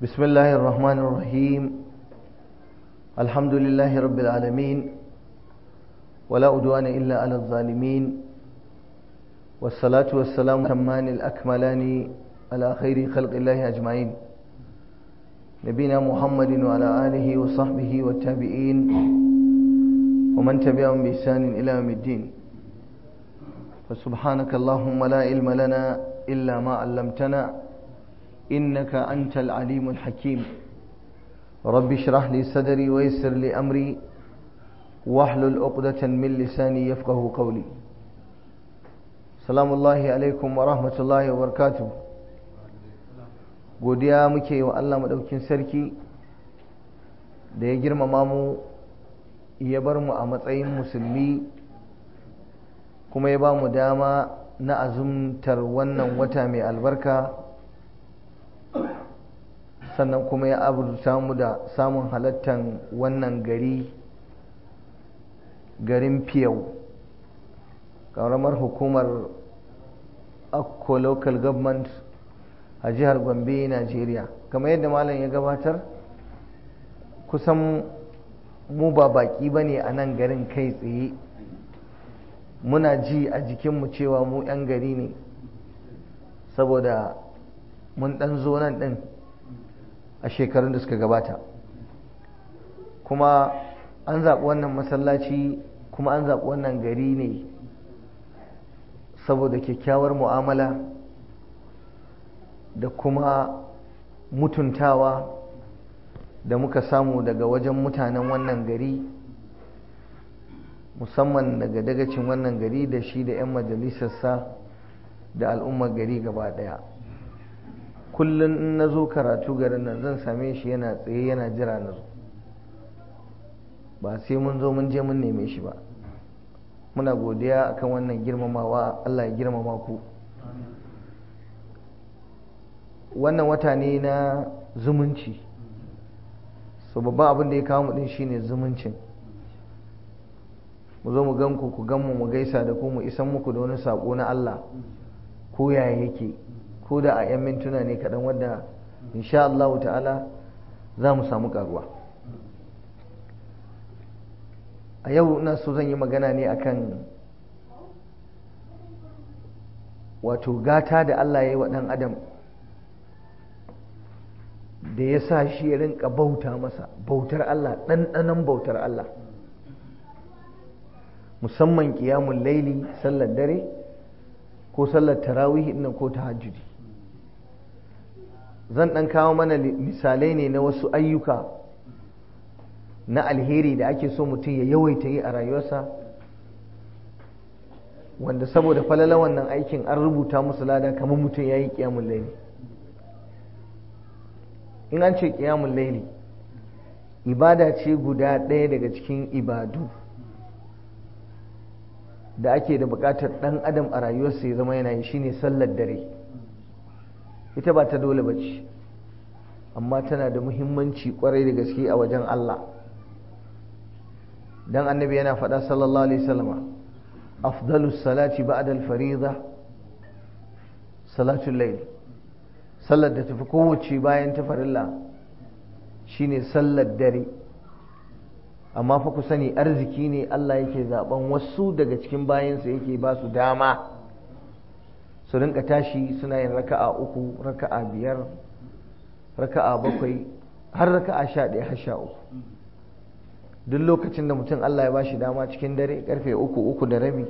بسم الله الرحمن الرحيم الحمد لله رب العالمين ولا أدوان إلا على الظالمين والصلاة والسلام التمان الأكملان على خير خلق الله أجمعين نبينا محمد وعلى آله وصحبه والتابعين ومن تبعهم بإحسان إلى يوم الدين فسبحانك اللهم لا علم لنا إلا ما علمتنا إنك أنت العليم الحكيم رب اشرح لي صدري ويسر لي أمري واحلل عقدة من لساني يفقه قولي سلام الله عليكم ورحمة الله وبركاته godiya muke wa Allah maɗaukin sarki da ya girmama mu ya bar mu a matsayin musulmi kuma ya ba mu dama na azumtar wannan wata mai albarka sannan kuma ya aburta mu da samun halattan wannan gari garin fiyau ƙaramar hukumar akko local government a jihar gombe nigeria kama yadda malam ya gabatar kusan mu ba baki ba ne a nan garin kai tsaye muna ji a jikinmu cewa mu 'yan gari ne saboda mun ɗan zo nan ɗin a shekarun da suka gabata kuma an zaɓi wannan masallaci kuma an zaɓi wannan gari ne saboda kyakkyawar mu'amala da kuma mutuntawa da muka samu daga wajen mutanen wannan gari musamman daga dagacin wannan gari da shi da 'yan majalisarsa da al'ummar gari gaba ɗaya kullum in na zo karatu garin nan zan same shi yana tsaye yana jira na zo ba sai mun zo mun je mun neme shi ba muna godiya kan wannan girmamawa Allah ya girmama ku wannan wata ne na zumunci so babban abin da ya kawo mu din shine zumuncin mu zo mu gan ku ku gan mu mu gaisa da ku mu isan muku da wani sako na Allah ko yaya yake ko da a 'yan mintuna ne kaɗan wadda insha Allah ta'ala za mu samu ƙaruwa a yau na so zan yi magana ne akan wato gata da Allah ya yi wa ɗan adam da ya sa shi ya rinka bauta masa bautar Allah ɗanɗanon bautar Allah musamman ƙiyamun laili sallar dare ko sallar tarawih nan ko tahajjudi zan ɗan kawo mana misalai ne na wasu ayyuka na alheri da ake so mutum ya yawaita yi a rayuwarsa wanda saboda falala wannan aikin an rubuta musu lada kamar mutum ya yi ƙiyamun laili in an ce ƙiyamun laili ibada ce guda ɗaya daga cikin ibadu da ake da buƙatar ɗan adam a rayuwarsa ya zama yana yi shine sallar dare ita ba ta dole ba ce amma tana da muhimmanci kwarai da gaske a wajen Allah don annabi yana faɗa sallallahu alaihi wasallama afdalus salati ba'da al salatul layl sallar da tafi kowace bayan ta farilla shine sallar dare amma fa ku sani arziki ne Allah yake zaben wasu daga cikin bayansa yake ba su dama su rinka tashi suna yin raka'a uku raka'a biyar raka'a bakwai har raka'a sha ɗaya har sha uku duk lokacin da mutum Allah ya bashi dama cikin dare karfe uku uku da rabi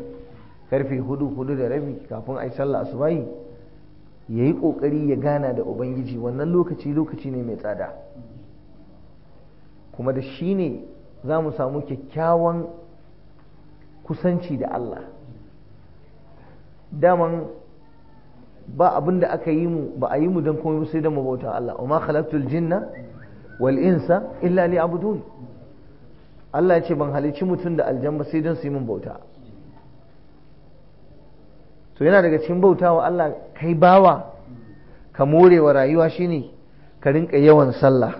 karfe hudu hudu da rabi kafin a yi sallah asubahi ya yi ƙoƙari ya gana da ubangiji wannan lokaci lokaci ne mai tsada kuma da shi ne za mu samu kyakkyawan kusanci da Allah daman ba abin da aka yi mu ba a yi mu don komai sai don mabauta Allah amma ma khalaqtul jinna wal insa illa abudun Allah ya ce ban halicci mutum da aljanna sai don su yi mun bauta to yana daga cikin bautawa Allah kai bawa ka morewa rayuwa shine ka rinka yawan sallah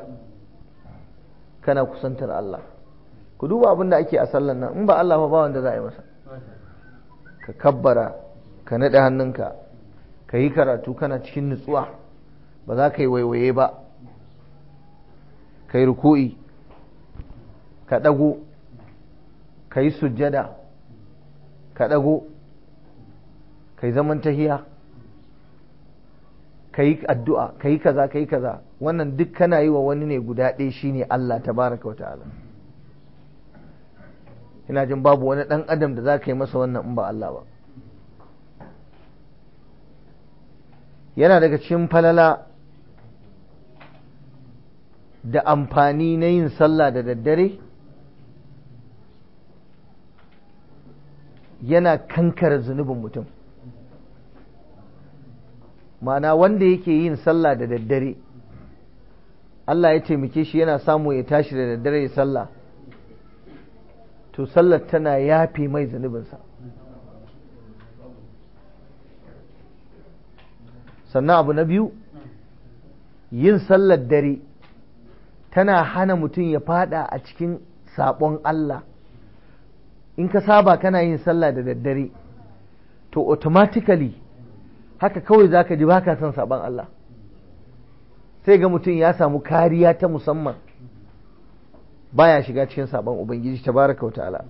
kana kusantar Allah ku duba abin da ake a sallar nan in ba Allah ba ba wanda za a yi masa ka kabbara ka naɗe hannunka ka yi karatu kana cikin nutsuwa ba za ka yi waiwaye ba ka yi ruku'i ka ɗago ka yi sujjada ka ɗago ka yi zaman tahiya ka yi addu'a ka yi kaza ka yi kaza wannan duk kana yi wa wani ne guda ɗaya shi ne Allah ta baraka wa ta'ala ina jin babu wani ɗan adam da za ka yi masa wannan in ba Allah ba yana daga cikin falala da amfani na yin sallah da daddare yana kankara zunubin mutum ma'ana wanda yake yin sallah da daddare Allah ya taimake shi yana samu ya tashi da daddare ya sallah to sallar tana yafe mai zunubinsa sannan abu na biyu yin sallar dare tana hana mutum ya fada a cikin sabon Allah in ka saba kana yin sallah da daddare to automatically haka kawai za ka ji ba ka son sabon Allah sai ga mutum ya samu kariya ta musamman baya shiga cikin sabon Ubangiji ta baraka wa ta'ala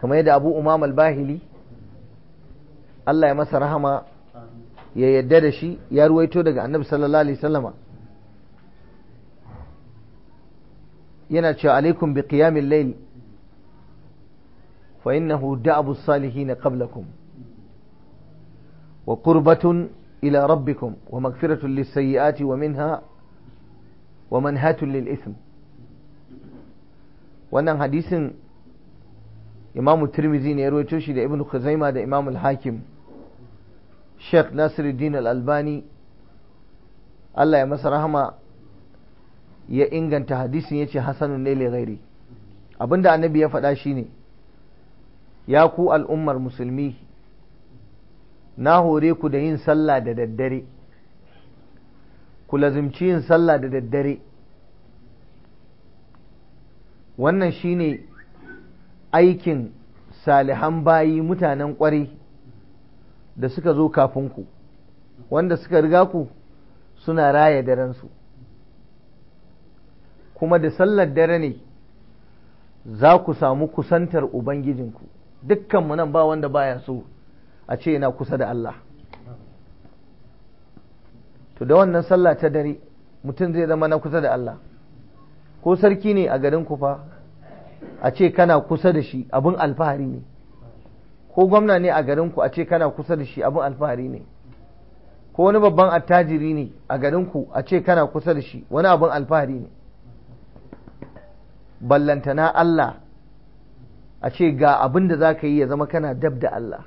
kamar yadda Abu Umam al-Bahili Allah ya masa rahama ya yadda da shi ya ruwaito daga annabi sallallahu alaihi wasallama yana cewa alaikum bi qiyamil layl fa innahu da'abu salihin qablakum wa qurbatun ila rabbikum wa maghfiratun lis sayyiati wa minha wa manhatun lil ithm wannan hadisin imamu tirmizi ne ya ruwaito shi da ibnu khuzaima da imamu al-hakim sheikh nasiruddin al-albani allah ya masa rahama ya inganta hadisin ya ce hasanun ne gairi. abinda annabi ya faɗa shine ya ku al'ummar musulmi na hore ku da yin sallah da daddare ku lazimci yin sallah da daddare wannan shine aikin salihan bayi mutanen kwarai. da suka zo kafin ku wanda suka riga ku suna raya su, kuma da sallar dare ne za ku samu kusantar ubangijinku mu nan ba wanda baya so a ce yana kusa da Allah to da wannan sallah ta dare mutum zai zama na kusa da Allah ko sarki ne a garin ku fa a ce kana kusa da shi abin alfahari ne ko gwamna ne a garinku a ce kana kusa da shi abin alfahari ne ko wani babban attajiri ne a garinku a ce kana kusa da shi wani abin alfahari ne ballantana Allah a ce ga abin da za ka yi ya zama kana dab da Allah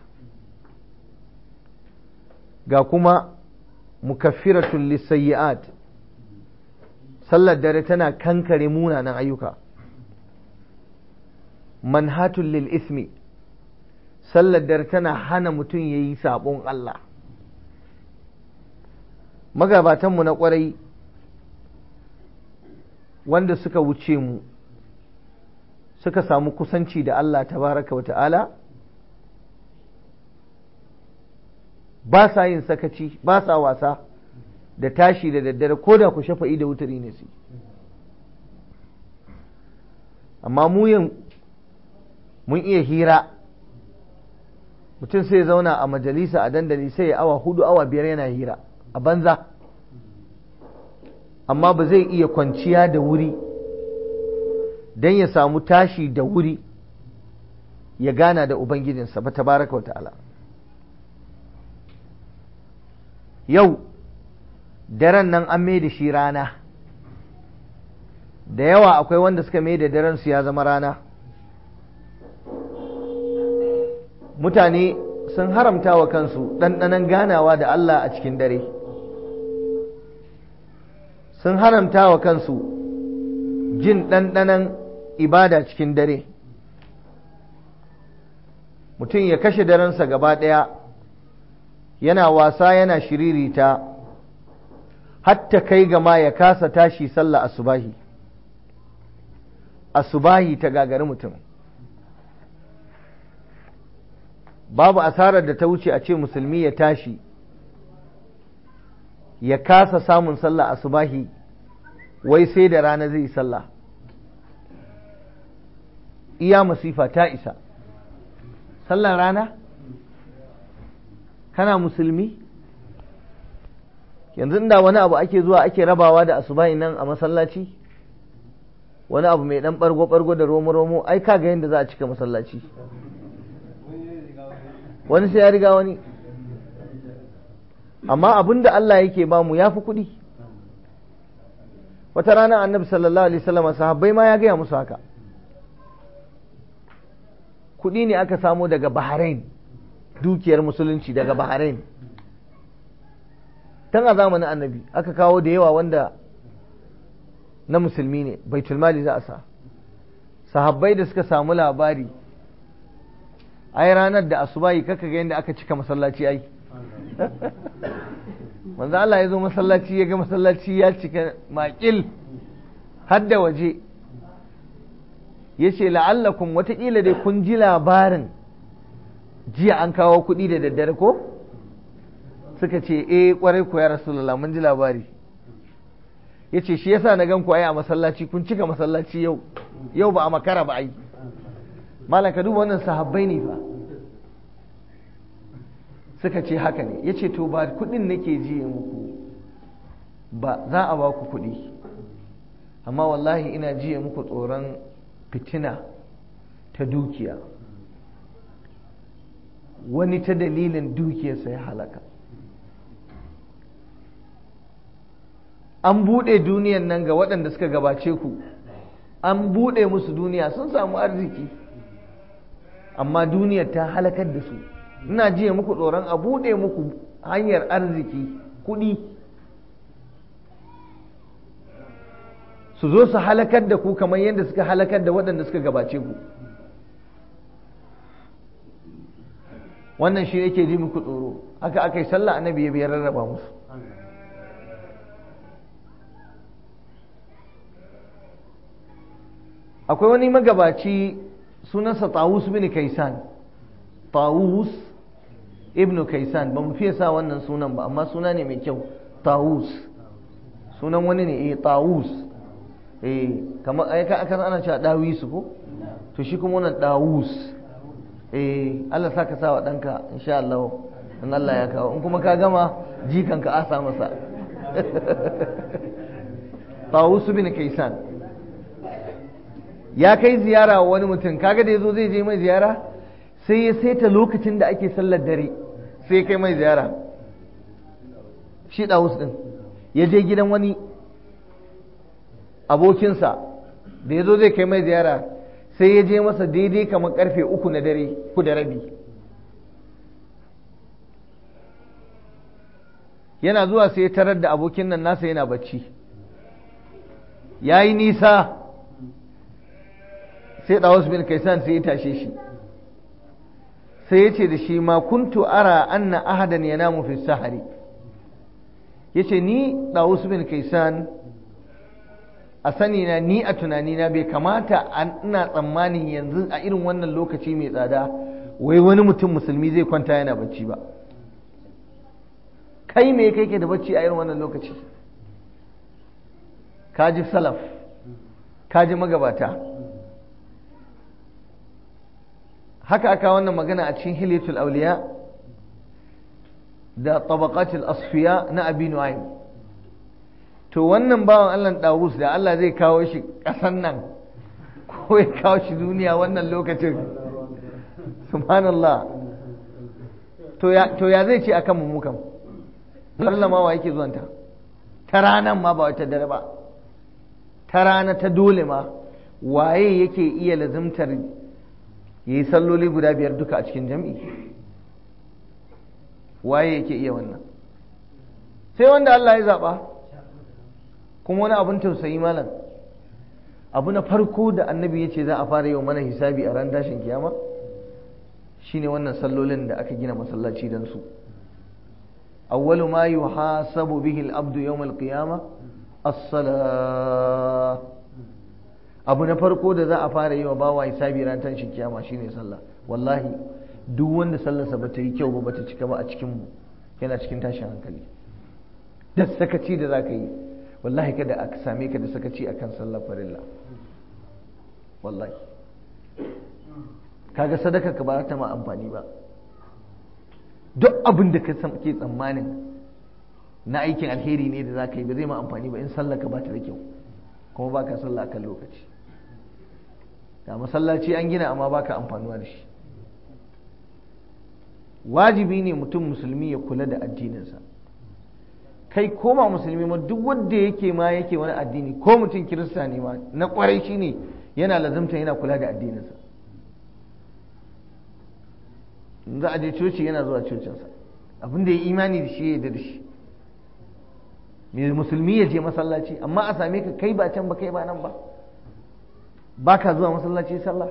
ga kuma mukaffiratul lisayyi'at sallar dare tana kankare munanan ayyuka manhatun lil ismi sallar dare tana hana mutum ya yi sabon Allah magabatanmu na kwarai wanda suka wuce mu suka samu kusanci da Allah baraka wa ta'ala ba sa yin sakaci ba sa wasa da tashi da daddare ko da ku shafa da wutari ne su amma mu yin mun iya hira mutum sai zauna a majalisa a dandali sai ya awa hudu awa biyar yana hira a banza amma ba zai iya kwanciya da wuri don ya samu tashi da wuri ya gana da ubangijinsa ba ta baraka wa ta'ala yau daren nan an mai da shi rana da yawa akwai wanda suka mai da daren su ya zama rana mutane sun haramta wa kansu ɗanɗanon ganawa da Allah a cikin dare sun haramta wa kansu jin ɗanɗanon ibada cikin dare mutum ya kashe darensa gaba ɗaya yana wasa yana shiriri ta. hatta kai gama ya kasa tashi sallah asubahi asubahi ta gagari mutum babu asarar da ta wuce a ce musulmi ya tashi ya kasa samun sallah a subahi, wai sai da rana zai sallah iya masifa ta isa sallar rana kana musulmi yanzu inda wani abu ake zuwa ake rabawa da asubahi nan a masallaci wani abu mai dan bargo-bargo da romo-romo ai ga yadda za a cika masallaci wani sai ya riga wani amma abin da Allah yake ba mu ya fi kuɗi wata rana annabi sallallahu alaihi wasallam sahabbai ma ya gaya musu haka kuɗi ne aka samo daga Bahrain dukiyar musulunci daga Bahrain tun a zamanin annabi aka kawo da yawa wanda na musulmi ne baitulmali za a sa sahabbai da suka samu labari ai ranar da yi kaka ga yadda aka cika masallaci ai manzo Allah ya zo masallaci ya ga masallaci ya cika makil har da waje yace la'allakum watakila dai kun ji labarin jiya an kawo kuɗi da daddare ko suka ce eh kwarai ku ya rasulullah mun ji labari yace shi yasa na gan ku ai a masallaci kun cika masallaci yau yau ba a makara ba ai malam ka duba wannan sahabbai ne fa suka ce haka ne yace to ba kudin nake ji muku ba za a ba ku kudi amma wallahi ina jiya muku tsoron fitina ta dukiya wani ta dalilin dukiya sai halaka an buɗe duniyan nan ga waɗanda suka gabace ku an buɗe musu duniya sun samu arziki amma duniya ta halakar da su ina jiya muku tsoron a buɗe muku hanyar arziki kuɗi su zo su halakar da ku kamar yadda suka halakar da waɗanda suka gabace ku wannan shi yake ji muku tsoro haka aka yi sallah annabi ya biyar rarraba musu akwai wani magabaci sunansa tawus bin kaisan tawus ibn kaisan ba mu fiye sa wannan sunan ba amma suna ne mai kyau tawus sunan wani ne eh tawus eh kamar ka aka ana cewa dawisu ko to shi kuma wannan dawus eh Allah saka sawa danka insha Allah in Allah ya kawo in kuma ka gama jikanka asa masa tawus bin kaisan ya kai ziyara wa wani mutum kaga da zo zai je mai ziyara sai ya saita lokacin da ake sallar dare sai kai mai ziyara shi ɗawus ɗin ya je gidan wani abokinsa da ya zo zai kai mai ziyara sai ya je masa daidai kamar karfe uku na dare ku da rabi yana zuwa sai ya tarar da abokin nan nasa yana bacci ya yi nisa sai dawus bin kaisan sai ya tashe shi sai ya ce da shi ma kuntu ara anna ahadan yana fi sahari ya ce ni dawus bin kaisan a sanina ni a tunanina bai kamata ina tsammanin yanzu a irin wannan lokaci mai tsada wai wani mutum musulmi zai kwanta yana bacci ba kai me kai ke da bacci a irin wannan lokaci kaji salaf kaji magabata haka aka wannan magana a cikin hilyatul auliya da tabaqatul asfiya na abi nu'aym to wannan bawan Allah Dawus da Allah zai kawo shi kasan nan ko ya kawo shi duniya wannan lokacin subhanallah to ya to ya zai ce akan mu mukan Allah ma wa yake zuwanta ta ranan ma ba wata dare ba ta rana ta dole ma waye yake iya lazimtar ya yi salloli guda biyar duka a cikin jam'i waye yake iya wannan sai wanda Allah ya zaɓa kuma wani abin tausayi malam abu na farko da annabi ya ce za a fara yau mana hisabi a ran tashin kiyama shine wannan sallolin da aka gina masallaci don su awwalu ma yuhasabu bihi al-abdu yawm al-qiyamah as abu na farko da za a fara yi wa bawa hisabi ran tashin kiyama shine sallah wallahi duk wanda sallarsa ba ta yi kyau ba ba ta cika ba a cikin mu yana cikin tashin hankali da sakaci da zaka yi wallahi kada a same ka da sakaci akan sallar farilla wallahi kaga sadaka ka ba ta ma amfani ba duk abin da ka ke tsammanin na aikin alheri ne da zaka yi ba zai ma amfani ba in sallar ka ba ta da kyau kuma ba ka sallah kan lokaci ga masallaci an gina amma baka amfanuwa da shi wajibi ne mutum musulmi ya kula da addininsa kai koma musulmi ma duk wanda yake ma yake wani addini ko mutum kirista ne ma na kwarai shi ne yana lazimta yana kula da addininsa za a je coci yana zuwa cocinsa abin da ya imani da shi ya da shi mai musulmi ya je masallaci amma a same ka kai ba can ba kai ba nan ba Ba ka zuwa masallaci sallah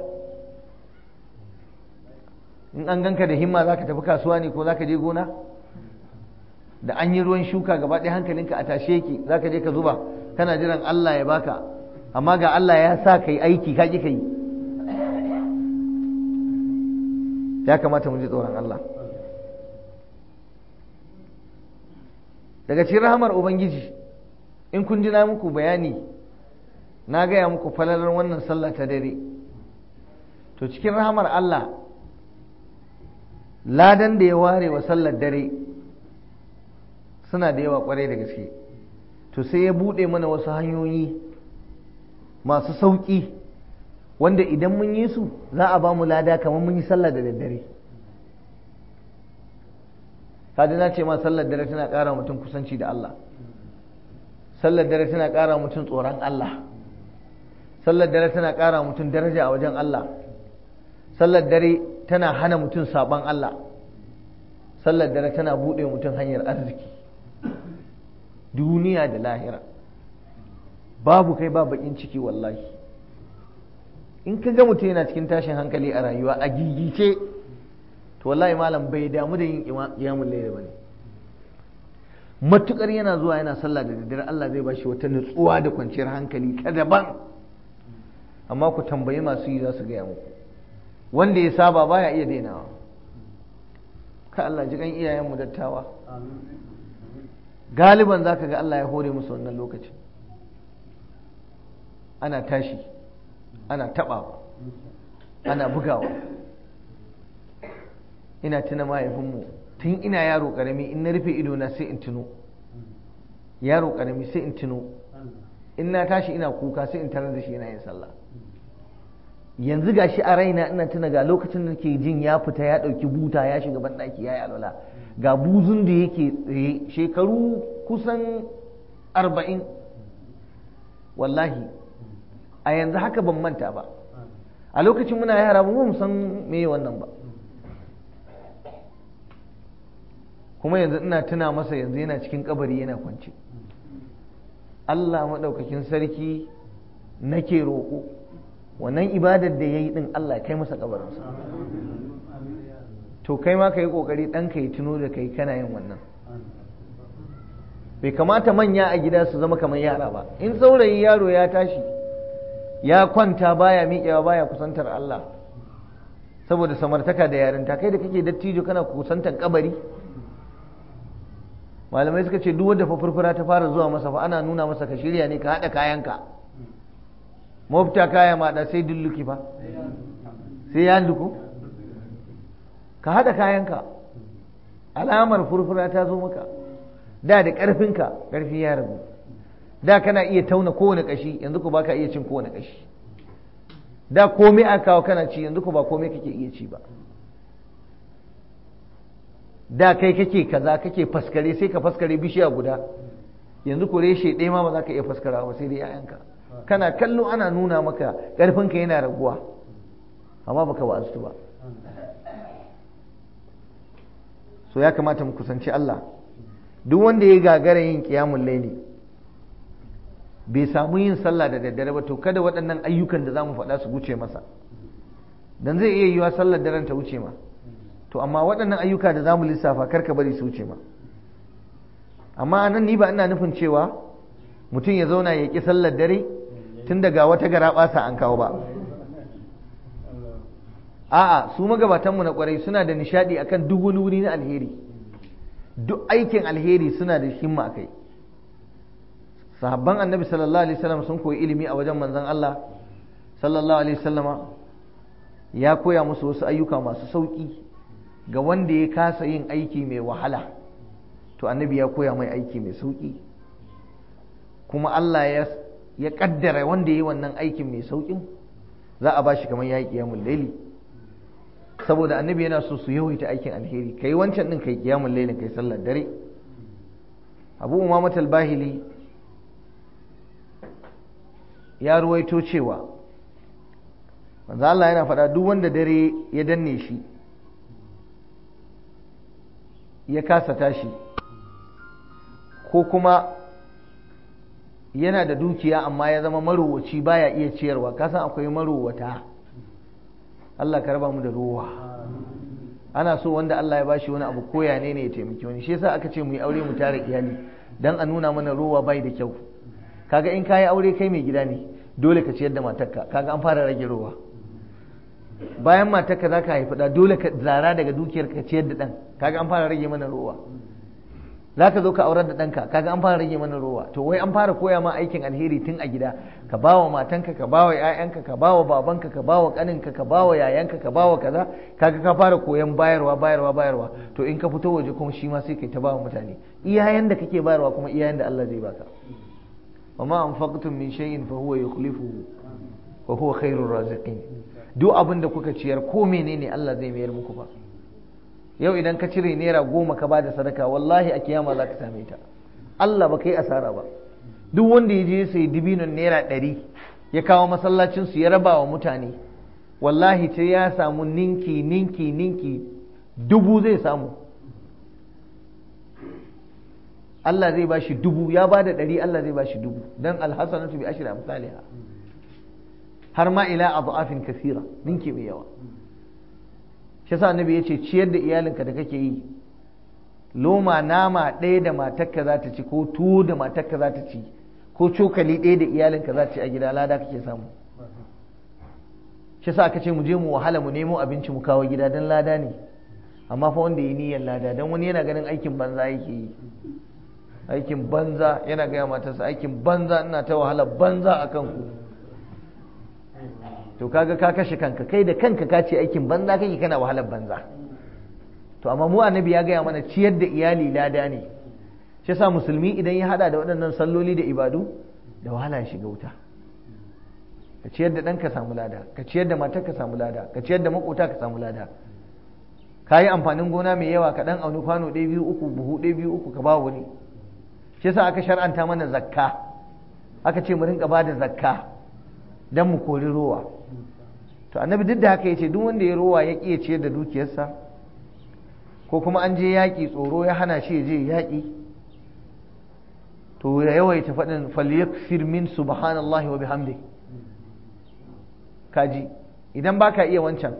in an ganka da himma za ka tafi kasuwa ne ko za ka je gona da an yi ruwan shuka gaba ɗaya hankalinka a tashe ki Za ka je ka zuba kana jiran Allah ya baka amma ga Allah ya sa ka yi aiki ka ƙi ka yi ya kamata mu ji tsoron Allah daga cikin rahamar ubangiji in kun ji muku bayani na gaya muku falalar wannan sallah ta dare to cikin rahamar Allah ladan da ya ware wa sallar dare suna da yawa kwarai da gaske to sai ya buɗe mana wasu hanyoyi masu sauƙi wanda idan mun yi su za a ba mu lada kamar mun yi sallar da daddare kaji na ce ma sallar dare tana ƙara mutum kusanci da Allah sallar dare tana kara mutum tsoron Allah sallar dare tana ƙara mutum daraja a wajen Allah sallar dare tana hana mutum saban Allah sallar dare tana buɗe mutum hanyar arziki duniya da lahira babu kai ba baƙin ciki wallahi in ka ga mutum yana cikin tashin hankali a rayuwa a gigice to wallahi malam bai damu da yin iyamun laila bane matukar yana zuwa yana sallah da daddare Allah zai bashi wata nutsuwa da kwanciyar hankali ta daban amma ku tambayi masu yi za su gaya muku wanda ya saba baya iya dainawa ka Allah ji kan iyayenmu dattawa galiban za ka ga Allah ya hore musu wannan lokacin ana tashi ana taɓawa ana bugawa ina tuna mahaifinmu tun ina yaro ƙarami in na rufe idona sai in tuno yaro ƙarami sai in tuno in na tashi ina kuka sai in tarar da shi yana yin sallah yanzu ga shi a raina ina tuna ga lokacin da ke jin ya fita ya ɗauki buta ya shiga banɗaki ya yi alwala ga buzun da yake tsaye shekaru kusan arba'in wallahi a yanzu haka ban manta ba a lokacin muna yara ba mu san me wannan ba kuma yanzu ina tuna masa yanzu yana cikin kabari yana kwance Allah maɗaukakin sarki nake roƙo wannan ibadar da ya yi din Allah kai masa kabarinsa to kai ma ka yi kokari ɗan ka yi tuno da kai kana yin wannan bai kamata manya a gida su zama kamar yara ba in saurayi yaro ya tashi ya kwanta baya miƙewa baya kusantar Allah saboda samartaka da yarinta kai da kake dattijo kana kusantar kabari malamai suka ce duk wanda fa furfura ta fara zuwa masa fa ana nuna masa ka shirya ne ka haɗa ka. mofta kaya maɗa sai dulluki ba sai ya duku ka haɗa kayanka alamar furfura ta zo maka da da ƙarfinka ƙarfi ya rabu da kana iya tauna kowane ƙashi yanzu ku ba ka iya cin kowane ƙashi da komai a kawo kana ci yanzu ku ba komai kake iya ci ba da kai kake kaza kake faskare sai ka faskare bishiya guda yanzu ku reshe ɗaya ma ba za ka iya faskara ba sai dai 'ya'yanka kana kallo ana nuna maka ka yana raguwa amma baka wa'aztu ba so ya kamata mu kusanci Allah duk wanda ya gagara yin kiyamun laili bai samu yin sallah da daddare ba to kada waɗannan ayyukan da za mu faɗa su wuce masa dan zai iya yiwa sallar daren ta wuce ma to amma waɗannan ayyuka da za mu lissafa ka bari su wuce ma amma anan ni ba ina nufin cewa mutum ya zauna ya ƙi sallar dare tun daga wata gara ɓasa an kawo ba a'a su magabatanmu na kwarai suna da nishadi akan duk wani wuri na alheri duk aikin alheri suna da himma kai. sahabban annabi sallallahu alaihi wasallam sun koyi ilimi a wajen manzon Allah sallallahu alaihi wasallam ya koya musu wasu ayyuka masu sauki ga wanda ya kasa yin aiki mai wahala to annabi ya koya mai aiki mai sauki kuma Allah ya ya kaddara wanda yi wannan aikin mai saukin za a ba shi kamar ya qiyamul layli saboda annabi yana so su yawaita aikin alheri kai wancan din kai qiyamul ka kai sallar dare Abu umar matal bahili ya ruwaito cewa manzo Allah yana faɗa duk wanda dare ya danne shi ya kasa tashi ko kuma yana da dukiya amma ya zama marowaci baya iya ciyarwa kasan akwai marowata Allah ka raba mu da ruwa ana so wanda Allah ya bashi wani abu koya ne ne ya taimaki wani shi yasa aka ce mu yi aure mu tare iyali dan a nuna mana ruwa bai da kyau kaga in kai aure kai mai gida ne dole ka ciyar da matarka kaga an fara rage ruwa bayan matarka zaka haifi da dole ka zara daga dukiyar ka ciyar da ɗan kaga an fara rage mana ruwa za ka zo ka aurar da ɗanka kaga an fara rage mana ruwa. to wai an fara koya ma aikin alheri tun a gida ka bawa matanka ka bawa ƴaƴanka ka bawa babanka ka bawa ƙaninka ka bawa yayanka ka bawa kaza kaga ka fara koyan bayarwa bayarwa bayarwa to in ka fito waje kuma shi ma sai kai ta bawa mutane iyayen da kake bayarwa kuma iyayen da Allah zai baka wa ma anfaqtum min shay'in fa huwa yukhlifuhu wa huwa khairur raziqin duk abin da kuka ciyar ko menene Allah zai mayar muku ba yau idan ka cire naira goma ka bada sadaka wallahi a kiyama za ka same ta Allah ba kai asara ba duk wanda ya je sai dibinan naira ɗari ya kawo masallacinsu ya raba wa mutane wallahi ce ya samu ninki ninki ninki dubu zai samu Allah zai ba shi dubu ya ba da ɗari Allah zai ba shi dubu don alhassanatu bi ashirin amsaliha har ma ila a kasira ninki mai yawa shi yasa annabi ce ciyar da iyalinka da kake yi loma nama ɗaya da matarka za ta ci ko tuwo da matarka za ta ci ko cokali ɗaya da iyalinka za ci a gida lada kake samu shi yasa aka ce mu je mu wahala mu nemo abinci mu kawo gida don lada ne amma fa wanda ya niyyar lada don wani yana ganin aikin banza yake yi aikin banza yana gaya matarsa aikin banza ina ta wahala banza akan ku to kaga ka kashe kanka kai da kanka ka ce aikin banza kake kana wahalar banza to amma mu annabi ya gaya mana ciyar da iyali lada ne shi yasa musulmi idan ya hada da waɗannan salloli da ibadu da wahala ya shiga wuta ka ciyar da ɗanka samu lada ka ciyar da matar ka samu lada ka ciyar da makota ka samu lada ka yi amfanin gona mai yawa ka ɗan auni kwano ɗaya biyu uku buhu ɗaya biyu uku ka ba wani shi yasa aka shar'anta mana zakka aka ce mu rinka ba da zakka don mu kori rowa to annabi duk da haka ya ce, duk wanda ya rowa ya ƙi ciyar da dukiyarsa ko kuma an je yaƙi tsoro ya hana shi ya je yaƙi to ya yawaita faɗin falyakfir min subhanallah wa bihamdi kaji idan baka iya wancan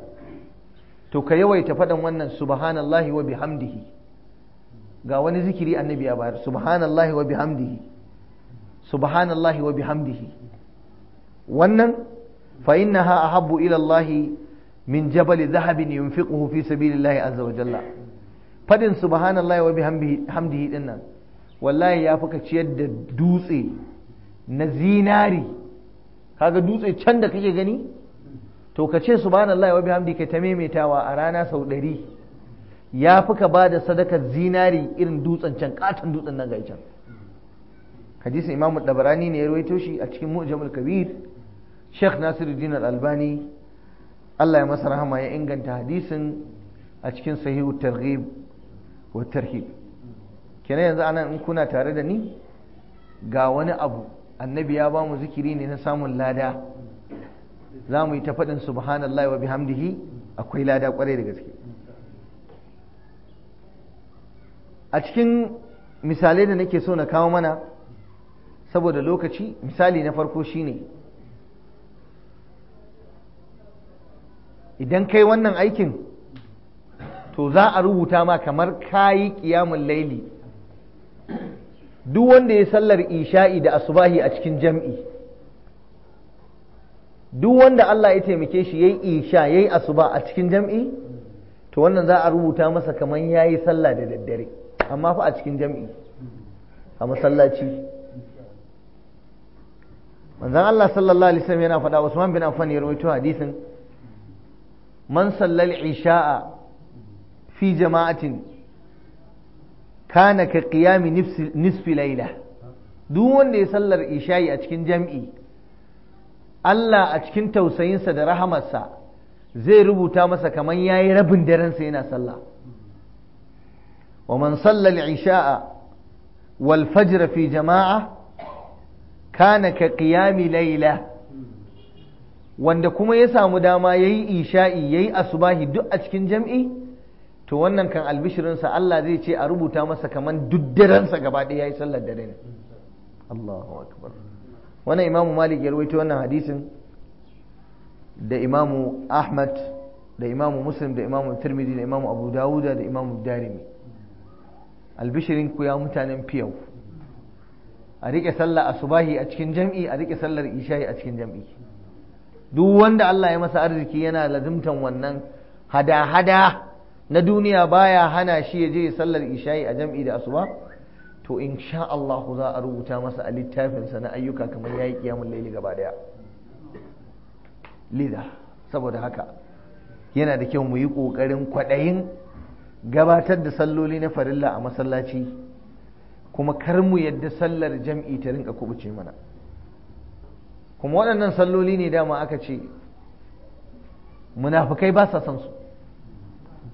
to ka yawaita faɗin wannan subhanallah wa bihamdihi ga wani zikiri annabi ya bayar subhanallah wa bihamdihi subhanallah wa bihamdihi wannan fa innaha ahabbu ila ilallahi min jabal dhahabin yunfiquhu fi sabilillahi azza wa jalla fadin subhanallahi wa bihamdihi dinnan wallahi ya fuka ciyar da dutse na zinari kaga dutse can da kake gani to ka ce subhanallahi wa bihamdi ka ta maimaitawa a rana sau ɗari ya fi ba da sadakar zinari irin dutsen can katon dutsen nan gai can hadisin imamu dabarani ne ya rawaito shi a cikin mu'jamul kabir Sheikh Nasiruddin Al-Albani Allah ya masa rahama ya inganta hadisin a cikin sahihu targhib wa tarhib kenan yanzu anan in kuna tare da ni ga wani abu annabi ya ba mu zikiri ne na samun lada za mu yi ta faɗin subhanallahi wa bihamdihi akwai lada kwarai da gaske a cikin misalai da nake so na kawo mana saboda lokaci misali na farko shine idan kai wannan aikin to za a rubuta ma kamar kayi kiyamun laili duk wanda ya sallar isha'i da asubahi a cikin jam'i duk wanda Allah ya taimake shi yayi isha yayi asuba a cikin jam'i to wannan za a rubuta masa kamar yayi sallah da daddare amma fa a cikin jam'i a masallaci manzon Allah sallallahu alaihi wasallam yana faɗa Usman bin Affan ya rawaito hadisin man sallal isha'a fi jama'atin kana ka qiyami nisfi laila duk wanda ya sallar isha'i a cikin jam'i Allah a cikin tausayinsa da rahamarsa zai rubuta masa kamar yayi rabin darensa yana sallah wa man sallal isha'a wal fajr fi jama'a kana ka qiyami laila wanda kuma ya samu dama ya yi isha'i ya yi asubahi duk a cikin jam'i to wannan kan albishirinsa Allah zai ce a rubuta masa kamar duk gaba ɗaya ya yi sallar dare ne Allahu akbar wannan imamu malik ya rubuta wannan hadisin da imamu ahmad da imamu muslim da imamu tirmidhi da imamu abu dawuda da imamu darimi albishirin ku ya mutanen fiyau a riƙe sallah asubahi a cikin jam'i a riƙe sallar isha'i a cikin jam'i duk wanda Allah ya masa arziki yana lazimtan wannan hada-hada na duniya baya hana shi ya je sallar isha'i a jam'i da asuba to insha Allah za a rubuta masa a littafinsa na ayyuka kamar yi kiyamun laili gaba daya lida saboda haka yana da kyau mu yi kokarin kwadayin gabatar da salloli na farilla a masallaci kuma kar mu yadda sallar jam'i ta rinka kubuce mana kuma waɗannan salloli ne dama aka ce munafukai ba sa san su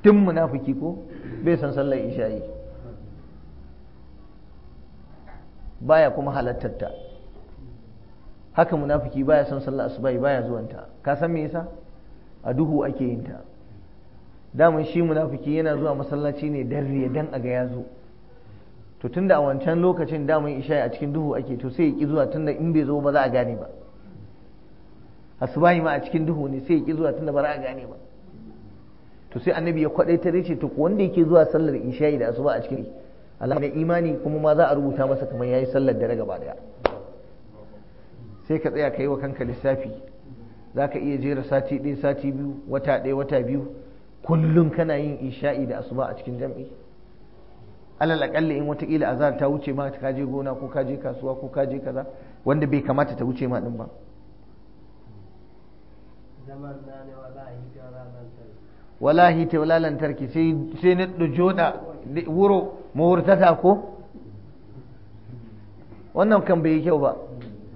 duk munafuki ko bai san sallar isha'i baya kuma ta haka munafuki baya san sallar asuba'i baya zuwanta ka san me yasa a duhu ake yin ta daman shi munafuki yana zuwa masallaci ne dan riya dan a ga ya zo to tunda a wancan lokacin daman isha'i a cikin duhu ake to sai ya ki zuwa tunda in bai zo ba za a gane ba asubahi ma a cikin duhu ne sai ya ki zuwa tunda ba za a gane ba to sai annabi ya kwadai ta ce to wanda yake zuwa sallar isha'i da asuba a cikin Allah da imani kuma ma za a rubuta masa kamar yayi sallar dare gaba daya sai ka tsaya kai wa kanka lissafi zaka iya jera sati ɗaya sati biyu wata ɗaya wata biyu kullum kana yin isha'i da asuba a cikin jam'i alal akalli in watakila azar ta wuce ma ka je gona ko ka kasuwa ko ka kaza wanda bai kamata ta wuce ma din ba wala ta wala lantarki sai na joda wuro mawurtata ko wannan kan bai yi kyau ba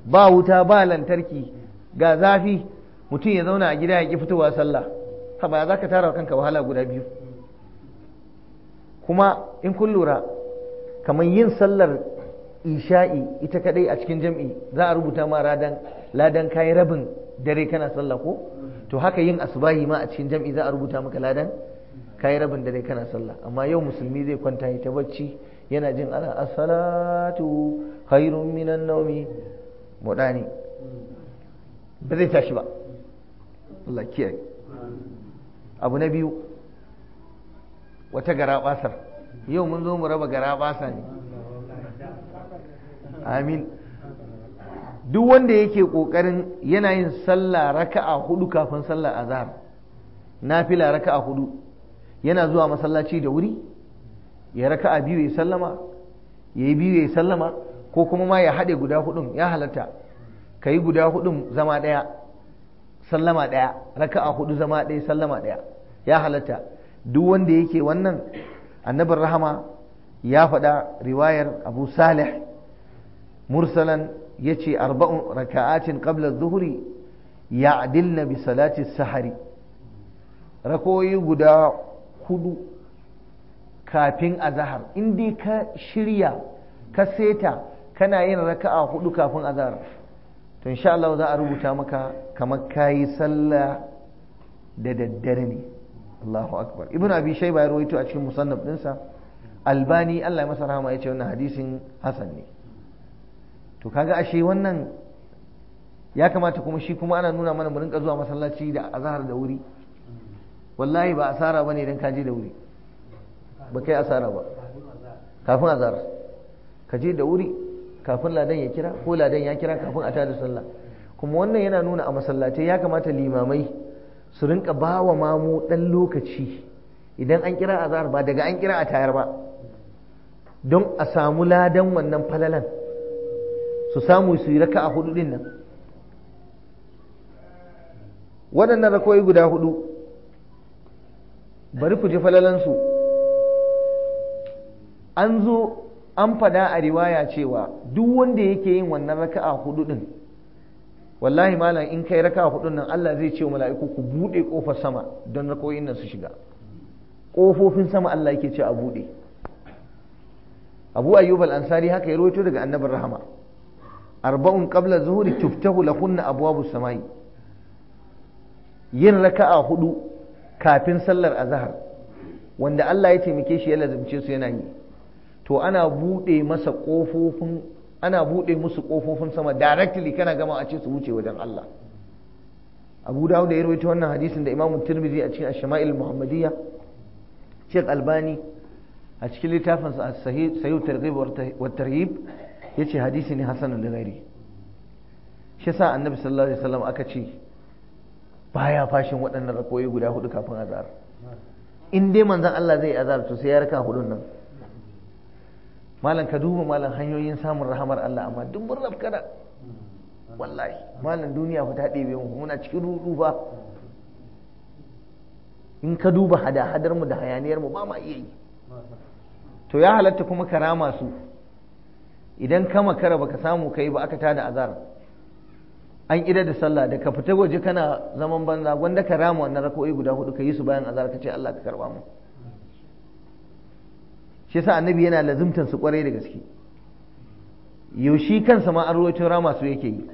ba wuta ba lantarki ga zafi mutum ya zauna a gida ya ki fitowa sallah ya za ka tara kanka wahala guda biyu kuma in kun lura kamar yin sallar isha'i ita kadai a cikin jam'i za a rubuta ma radan ladan kayi rabin dare kana sallah ko to haka yin asubahi ma a cikin jam'i za a rubuta maka ladan kayi rabin dare kana sallah amma yau musulmi zai kwanta ya ta bacci yana jin ana as-salatu khairun minan nawmi mudani ba zai tashi ba Allah kiyaye abu na biyu wata gara yau mun zo mu raba gara ne amin duk wanda yake kokarin yana yin sallah raka'a hudu kafin sallah azhar nafila raka'a hudu yana zuwa masallaci da wuri ya raka'a biyu ya sallama ya yi biyu ya sallama ko kuma ma ya haɗe guda hudun ya halatta ka yi guda hudun zama ɗaya sallama ɗaya raka'a hudu zama ɗaya sallama ɗaya ya halatta duk wanda yake wannan annabar rahama ya faɗa riwayar abu salih mursalan yace arba'un raka'atin kabla zuhri ya bi salati sahari rakoyi guda huɗu kafin azahar in dai ka shirya ka seta kana yin raka'a hudu kafin azahar to insha Allah za a rubuta maka kamar kayi sallah da daddare Allahu akbar ibnu abi shayba ya rawaito a cikin musannaf dinsa albani Allah ya masa rahama yace wannan hadisin hasan ne to kaga ashe wannan ya kamata kuma shi kuma ana nuna mana mu rinka zuwa masallaci da azhar da wuri wallahi ba asara bane idan ka je da wuri ba kai asara ba kafin azhar ka je da wuri kafin ladan ya kira ko ladan ya kira kafin a tada sallah kuma wannan yana nuna a masallatai ya kamata limamai su rinka ba wa mamu dan lokaci idan an kira azhar ba daga an kira a tayar ba don a samu ladan wannan falalan su samu su yi raka'a hudu din nan waɗannan rakoyi guda hudu bari ku ji falalansu an zo an fada a riwaya cewa duk wanda yake yin wannan raka'a hudu din wallahi malam in kai a hudu nan Allah zai ce wa mala'iku ku bude kofar sama don rakoyin nan su shiga kofofin sama Allah yake ce a bude Abu Ayyub al-Ansari haka ya rawaito daga Annabi rahama arba'un qabla zuhuri tuftahu lahunna abwabus samai yin raka'a hudu kafin sallar azhar wanda Allah ya taimake shi ya lazimce su yana yi to ana bude masa kofofin ana bude musu kofofin sama directly kana gama a ce su wuce wajen Allah Abu Dawud ya rawaito wannan hadisin da Imam Tirmidhi a cikin Ash-Shama'il Muhammadiyya Sheikh Albani a cikin littafinsa Sahih Targhib wa Tarhib Ya ce hadisi ne hasanun da gari shi sa annabi sallallahu alaihi wasallam aka ce baya fashin waɗannan rakoyi guda hudu kafin azar in dai manzan Allah zai azar to sai ya raka hudun nan malam ka duba malam hanyoyin samun rahamar Allah amma duk mun da wallahi malam duniya fa ta ɗebe mu muna cikin rudu ba in ka duba hada hadar mu da hayaniyar mu ba ma iya yi to ya halatta kuma karama su idan ka makara baka samu kai ba aka tada azar an ida da sallah da ka fita waje kana zaman banza gwanda ka rama wannan rako'i guda hudu ka yi su bayan azar ka ce Allah ka karba mu shi yasa annabi yana lazimtan su kwarai da gaske yaushi kansa ma an ruwaito rama su yake yi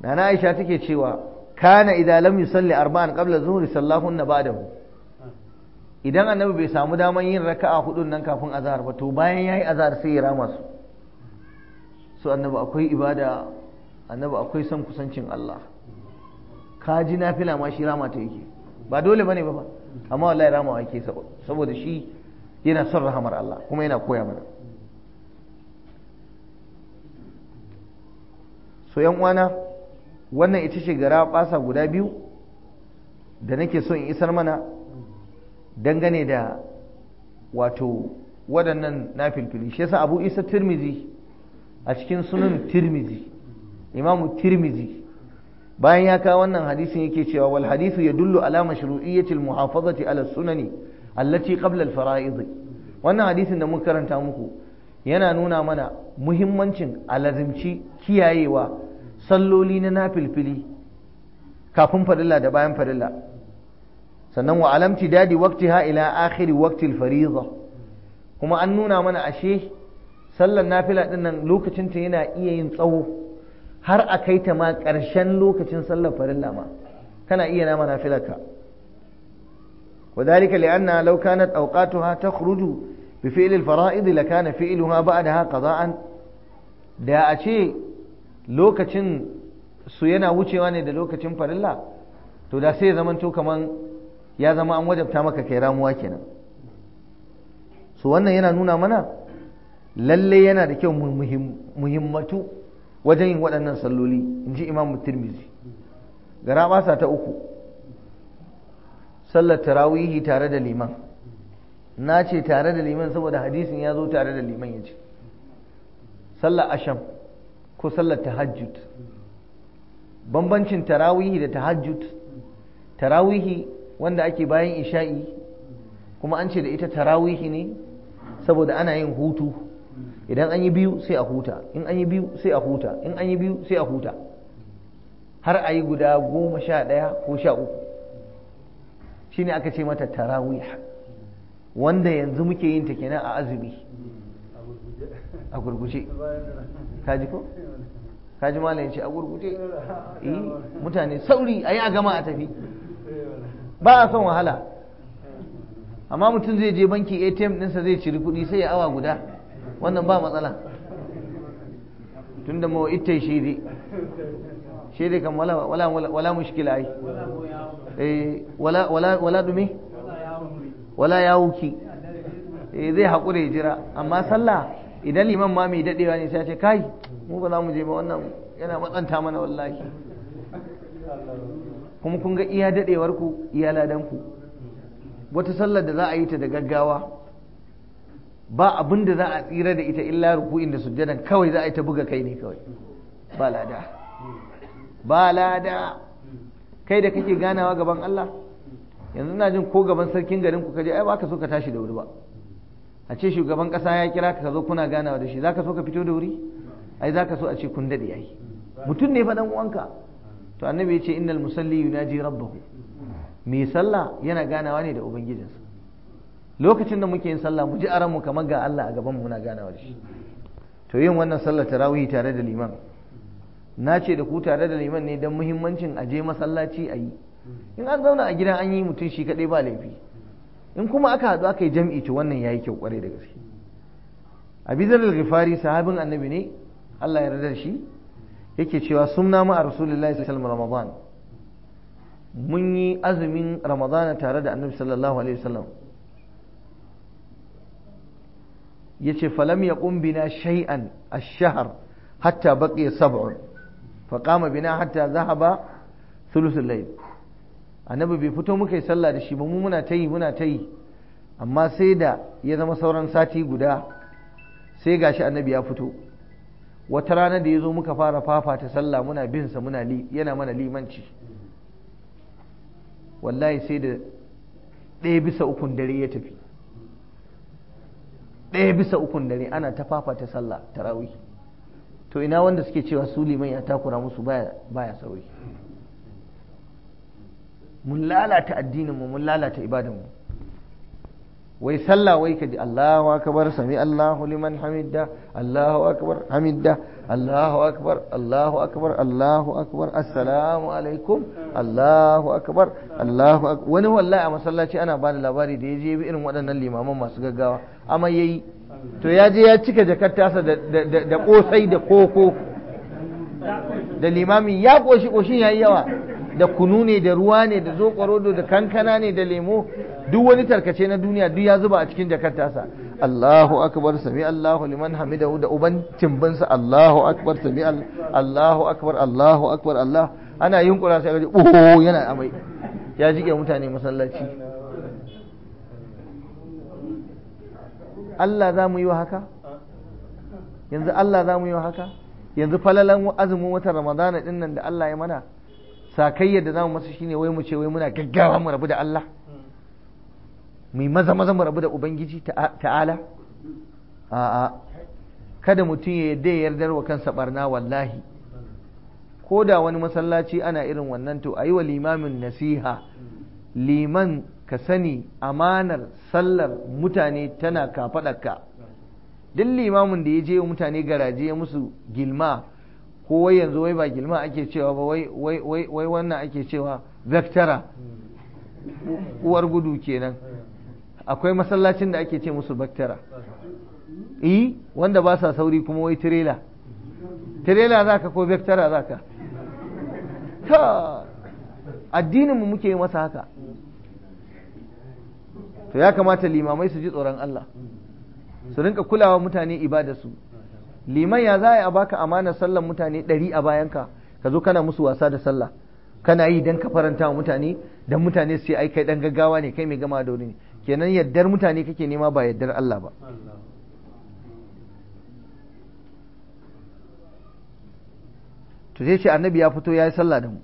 nana Aisha take cewa kana idza lam yusalli arba'an qabla zuhri sallahu ba'dahu idan annabi bai samu daman yin raka'a hudun nan kafin azahar ba to bayan yayi azahar sai ya rama su so annabi akwai ibada annabi akwai son kusancin Allah ka ji nafila ma shi rama ta yake ba dole bane ba amma wallahi rama yake saboda shi yana son rahamar Allah kuma yana koya mana so yan uwana wannan ita ce gara basa guda biyu da nake so in isar mana dangane da wato waɗannan na filfili shi yasa abu isa tirmizi a cikin sunan tirmizi imamu tirmizi bayan ya kawo wannan hadisin yake cewa wal hadisu ya dullu ala mashru'iyyatil muhafazati ala sunani allati qabla al fara'id wannan hadisin da muka karanta muku yana nuna mana muhimmancin alazimci kiyayewa salloli na nafilfili kafin farilla da bayan farilla sannan wa alamti dadi ha ila akhiri waqtil fariza kuma an nuna mana ashe sallar nafila din nan lokacin ta yana iya yin tsawo har a kai ta ma ƙarshen lokacin sallar farilla ma kana iya nama nafilarka وذلك لأنها لو كانت أوقاتها تخرج بفعل الفرائض لكان فعلها بعدها قضاء da a ce lokacin su yana wucewa ne da lokacin farilla to da sai zamanto kaman ya zama an wajabta maka kai ramuwa kenan Su wannan yana nuna mana lalle yana da kyau muhimmatu wajen yin waɗannan salloli in ji imamu tirmizi gara basa ta uku sallar tarawihi tare da liman na ce tare da liman saboda hadisin ya zo tare da liman ya ce sallar asham ko sallar tahajjud bambancin tarawihi da tahajjud tarawihi wanda ake bayan isha'i kuma an ce da ita tarawihi ne saboda ana yin hutu idan an yi biyu sai a huta in an yi biyu sai a huta in an yi biyu sai a huta har a yi guda goma sha ɗaya ko sha uku shi ne aka ce mata tarawih wanda yanzu muke yin ta kenan a azumi a gurguje kaji ko kaji malam ce a gurguje eh, mutane sauri a yi a gama a tafi ba a son wahala amma mutum zai je banki atm ɗinsa zai ciri kuɗi sai ya awa guda wannan ba matsala tunda ma ita shiri shiri kan wala wala wala mushkila ai eh, wala wala dumi wala eh, ya wuki zai haƙure jira amma sallah idan liman ma mai daɗewa ne sai ce kai mu ba za mu je ba wannan yana matsanta mana wallahi kuma kun ga iya dadewar ku iya ladan ku wata sallar da za a yi ta da gaggawa ba abin da za a tsira da ita illa ruku'in da sujjadan kawai za a yi ta buga kai ne kawai ba lada ba lada kai da kake ganawa gaban Allah yanzu na jin ko gaban sarkin garin ku kaje ai ba ka so ka tashi da wuri ba a ce shugaban kasa ya kira ka zo kuna ganawa da shi za ka so ka fito da wuri ai za ka so a ce kun dade ai mutum ne fa dan uwanka to annabi ya ce innal musalli yunaji rabbahu mai sallah yana ganawa ne da ubangijinsa lokacin da muke yin sallah mu ji aranmu kamar ga Allah a gaban muna ganawa da shi to yin wannan sallar tarawih tare da liman na ce da ku tare da liman ne don muhimmancin aje masallaci a yi in an zauna a gidan an yi mutum shi kadai ba laifi in kuma aka haɗu aka yi jam'i to wannan yayi kyau kwarai da gaske abizar al-ghifari sahabin annabi ne Allah ya rada shi yake cewa sun mu a rasulullahi sallallahu ramadan mun yi azumin ramadana tare da annabi sallallahu alaihi wasallam yace falam yaqum bina shay'an ash-shahr hatta baqiya sab'un fa qama bina hatta zahaba thuluthul layl annabi bai fito muka yi sallah da shi ba mu muna ta yi muna ta yi amma sai da ya zama sauran sati guda sai gashi annabi ya fito wata rana da ya zo muka fara fafata sallah muna bin sa muna yana mana limanci wallahi sai da ɗaya bisa ukun dare ya tafi ɗaya bisa ukun dare ana ta fafata sallah to ina wanda suke cewa su liman ya takura musu baya baya sauri mun lalata mu mun lalata ibadanmu wai sallah wai ka ji Allahu akbar sami Allahu liman hamida Allahu akbar hamida Allahu akbar Allahu akbar Allahu akbar assalamu alaikum Allahu akbar Allahu akbar wani wallahi a masallaci ana ba da labari da ya je bi irin waɗannan limaman masu gaggawa amma yayi to ya je ya cika jakar tasa da kosai da koko da limamin ya koshi koshin yayi yawa da kunu ne da ruwa ne da zokwaro da kankana ne da lemo duk wani tarkace na duniya duk ya zuba a cikin jakar tasa Allahu akbar sami Allahu liman hamidahu da uban timbinsa Allahu akbar sami Allahu akbar Allahu akbar Allah ana yin kura sai gaji oh yana amai ya jike mutane masallaci Allah za mu yi wa haka yanzu Allah za mu yi wa haka yanzu falalan azumin watan Ramadana dinnan da Allah ya mana sakayyar da za mu masa shine wai mu ce wai muna gaggawa mu rabu da Allah mai maza maza mu rabu da ubangiji ta'ala a'a kada mutum ya yarda yardar wa kansa barna wallahi ko da wani masallaci ana irin wannan to a yi wa limamin nasiha liman ka sani amanar sallar mutane tana kafaɗarka duk limamin da ya je mutane garaje ya musu gilma ko wai yanzu wai ba gilma ake cewa ba wai wannan ake cewa vectara uwar gudu kenan akwai masallacin da ake ce musu baktara eh wanda ba sa sauri kuma wai tirela tirela zaka ko baktara zaka ta addinin mu muke masa haka to ya kamata limamai su ji tsoron Allah su rinka kulawa mutane ibada su liman ya za a baka amanar sallan mutane ɗari a bayan ka ka zo kana musu wasa da sallah kana yi don ka faranta mutane don mutane su yi ɗan dan gaggawa ne kai mai gama da wuri ne kenan yaddar mutane kake nema ba yaddar Allah ba to sai ce annabi ya fito ya yi sallah da mu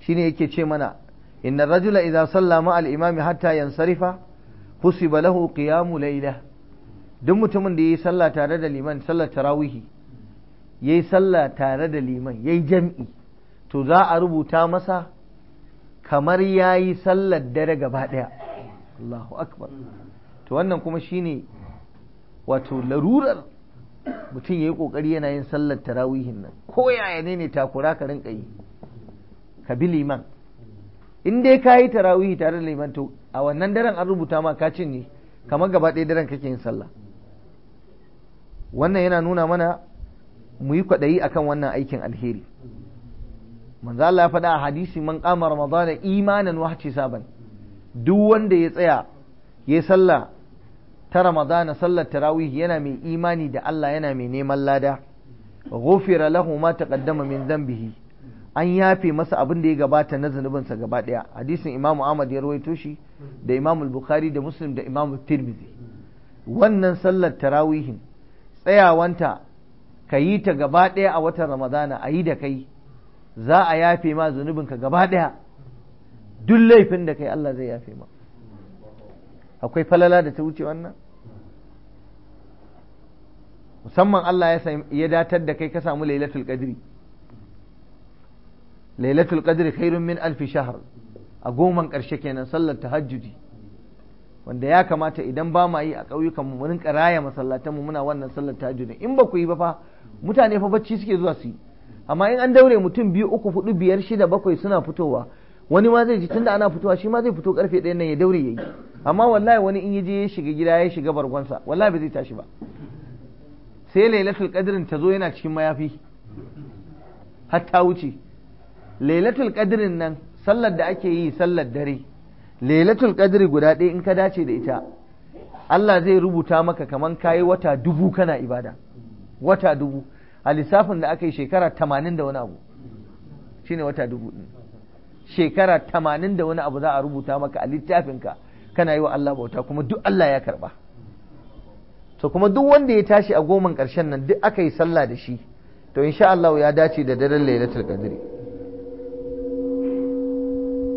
shine yake ce mana inna rajula idza salla ma al imami hatta yansarifa husiba lahu qiyamu layla duk mutumin da yayi sallah tare da liman sallar tarawihi yayi sallah tare da liman yayi jam'i to za a rubuta masa kamar yayi sallar dare gaba daya Allahu akbar to wannan kuma shine wato larurar mutum yayi kokari yana yin sallar tarawihin nan ko yaya ne ne takura ka rinka yi ka bi liman in dai ka yi tarawihi tare da liman to a wannan daren an rubuta ma ka cinye kamar gaba ɗaya daren kake yin sallah wannan yana nuna mana mu yi kwaɗayi akan wannan aikin alheri manzo Allah ya faɗa a hadisi man qama ramadana imanan wa saban duk wanda ya tsaya ya sallah ta ramadana sallar tarawih yana mai imani da Allah yana mai neman lada ghufira lahu ma taqaddama min dhanbihi an yafe masa abin da ya gabata na zunubinsa gaba daya hadisin Imam Ahmad ya rawaito shi da Imam Bukhari da Muslim da Imam Tirmidhi wannan sallar tarawihin tsayawanta ka yi ta gaba daya a watan Ramadana a yi da kai za a yafe ma zanubinka gaba daya duk laifin da kai Allah zai yafe ma akwai falala da ta wuce wannan musamman Allah ya datar da kai ka samu lailatul qadri lailatul qadri khairun min alfi shahr a goman ƙarshe kenan sallar tahajjudi wanda ya kamata idan ba ma yi a ƙauyukan mu rinka raya masallatan mu muna wannan sallar tahajjudi in ba ku yi ba fa mutane fa bacci suke zuwa su yi amma in an daure mutum biyu uku hudu biyar shida bakwai suna fitowa wani ma zai ji tunda ana fitowa shi ma zai fito karfe ɗaya nan ya daure ya yi amma wallahi wani in je ya shiga gida ya shiga bargonsa wallahi ba zai tashi ba sai lailatul qadrin ta zo yana cikin mayafi har ta wuce lailatul qadrin nan sallar da ake yi sallar dare lailatul qadri guda ɗaya in ka dace da ita Allah zai rubuta maka kaman kayi wata dubu kana ibada wata dubu a lissafin da aka yi shekara tamanin da wani abu shine wata dubu shekara tamanin da wani abu za a rubuta maka a littafinka kana yi wa Allah bauta kuma duk Allah ya karba to kuma duk wanda ya tashi a goman ƙarshen nan duk aka yi sallah da shi to insha Allah ya dace da daren lailatul qadri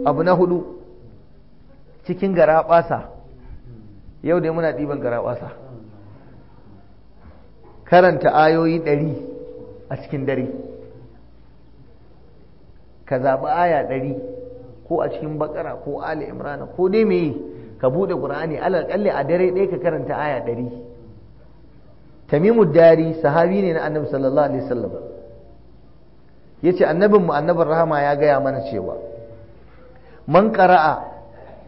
abu na hudu cikin garaɓasa yau dai muna ɗiban garaɓasa karanta ayoyi ɗari a cikin dare ka zaɓi aya ɗari ko a cikin bakara ko ali imrana ko dai me ka buɗe qur'ani alal kalli a dare ɗaya ka karanta aya ɗari tamimu dari sahabi ne na annabi sallallahu alaihi wasallam yace annabin mu annabin rahama ya gaya mana cewa man qara'a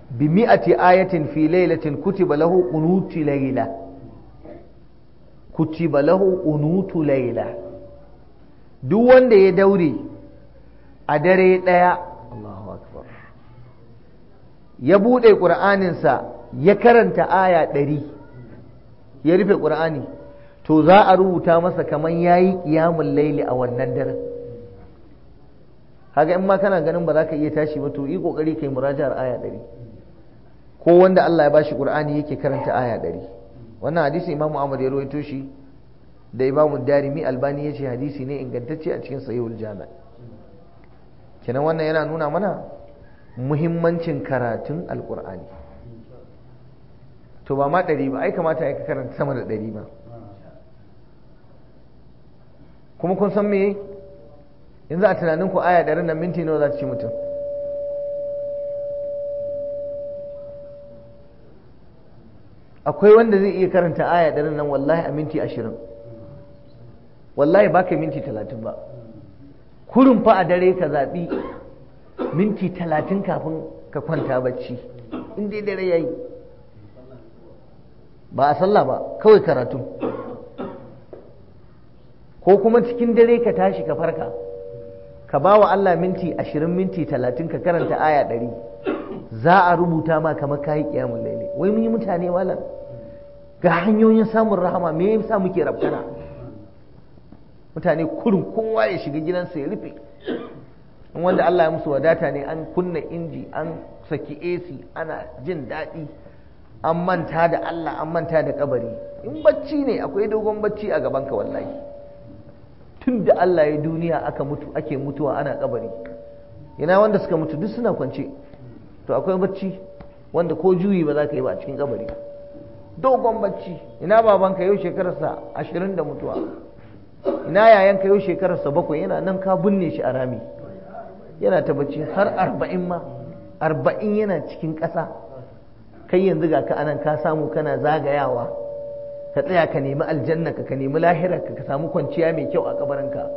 bi mi'ati ayatin fi lailatin kutiba lahu qunutu layla kutiba lahu qunutu layla duk wanda ya daure a dare ɗaya ya buɗe ƙur'aninsa ya karanta aya ɗari ya rufe ƙur'ani to za a rubuta masa kamar ya yi ƙiyamun laili a wannan dare haka in ma kana ganin ba za ka iya tashi ba to yi ƙoƙari kai murajar aya ɗari ko wanda Allah ya bashi ƙura'ani yake karanta aya ɗari wannan hadisi imamu Ahmad ya rawaito shi da imamu Darimi Albani ya ce hadisi ne ingantacce a cikin sahihul jami'a kenan wannan yana nuna mana muhimmancin karatun alkur'ani to ba ma ɗari ba ai kamata ya karanta sama da ɗari ba kuma kun san me in za a tunanin ku aya ɗari nan minti nawa za ta ci mutum akwai wanda zai iya karanta aya ɗari nan wallahi a minti ashirin wallahi ba ka minti talatin ba kurin fa a dare ka zaɓi minti talatin kafin ka kwanta bacci in dai dare ya yi ba a sallah ba kawai karatu ko kuma cikin dare ka tashi ka farka ka ba wa Allah minti ashirin minti talatin ka karanta aya ɗari za a rubuta ma kamar kayi ƙiyamun laili wai mun yi mutane walar ga hanyoyin samun rahama me yasa muke rabkana mutane kurin kowa ya shiga gidansa ya rufe in wanda Allah ya musu wadata ne an kunna inji an saki AC ana jin daɗi an manta da Allah an manta da kabari in bacci ne akwai dogon bacci a gabanka wallahi tun da Allah ya duniya aka mutu ake mutuwa ana kabari yana wanda suka mutu duk suna kwance to akwai bacci wanda ko juyi ba za ka yi ba a cikin kabari dogon bacci ina babanka yau shekararsa ashirin da mutuwa ina yayan ka yau shekararsa bakwai yana nan ka binne shi a rami yana ta bacci har arba'in ma arba'in yana cikin ƙasa kai yanzu ga ka anan ka samu kana zagayawa ka tsaya ka nemi aljanna ka nemi lahira ka samu kwanciya mai kyau a kabarin ka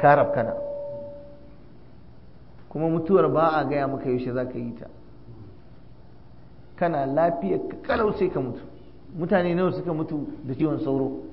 kana. kuma mutuwar ba a gaya maka yaushe za ka yi ta kana lafiya ka kalau sai ka mutu mutane nawa suka mutu da ciwon sauro